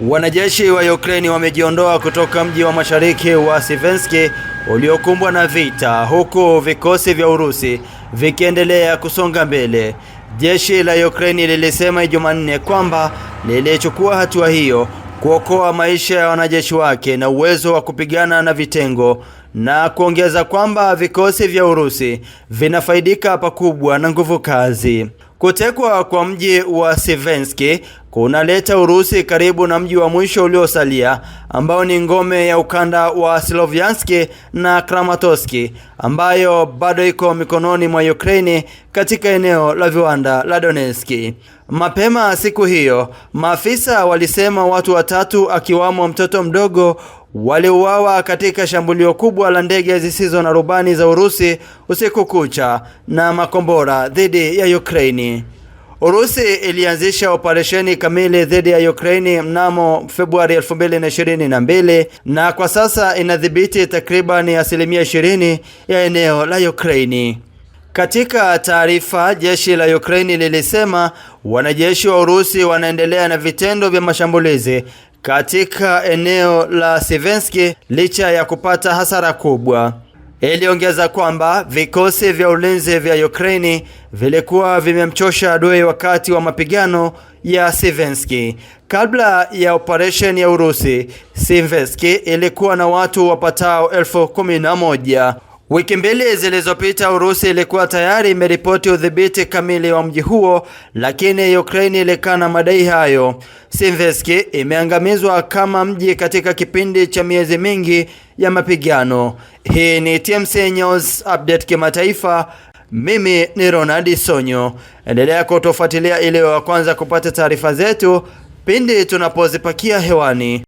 Wanajeshi wa Ukraine wamejiondoa kutoka mji wa mashariki wa Sivensk uliokumbwa na vita huku vikosi vya Urusi vikiendelea kusonga mbele. Jeshi la Ukraine lilisema Jumanne kwamba lilichukua hatua hiyo kuokoa maisha ya wanajeshi wake na uwezo wa kupigana na vitengo na kuongeza kwamba vikosi vya Urusi vinafaidika pakubwa na nguvu kazi. Kutekwa kwa mji wa Sivenski kunaleta Urusi karibu na mji wa mwisho uliosalia ambao ni ngome ya ukanda wa Slovyansk na Kramatorsk ambayo bado iko mikononi mwa Ukraine katika eneo la viwanda la Donetsk. Mapema siku hiyo, maafisa walisema watu watatu akiwamo mtoto mdogo waliuawa katika shambulio kubwa la ndege zisizo na rubani za Urusi usiku kucha na makombora dhidi ya Ukraine. Urusi ilianzisha operesheni kamili dhidi ya Ukraini mnamo Februari 2022 na kwa sasa inadhibiti takriban asilimia 20 ya eneo la Ukraini. Katika taarifa, jeshi la Ukraini lilisema wanajeshi wa Urusi wanaendelea na vitendo vya mashambulizi katika eneo la Sivenski licha ya kupata hasara kubwa. Iliongeza kwamba vikosi vya ulinzi vya Ukraini vilikuwa vimemchosha adui wakati wa mapigano ya Sivenski. Kabla ya operesheni ya Urusi, Sivenski ilikuwa na watu wapatao elfu kumi na moja. Wiki mbili zilizopita Urusi ilikuwa tayari imeripoti udhibiti kamili wa mji huo, lakini Ukraine ilikana madai hayo. Siversky imeangamizwa kama mji katika kipindi cha miezi mingi ya mapigano. Hii ni TMC News Update kimataifa. Mimi ni Ronald Sonyo. Endelea kutufuatilia ili wa kwanza kupata taarifa zetu pindi tunapozipakia hewani.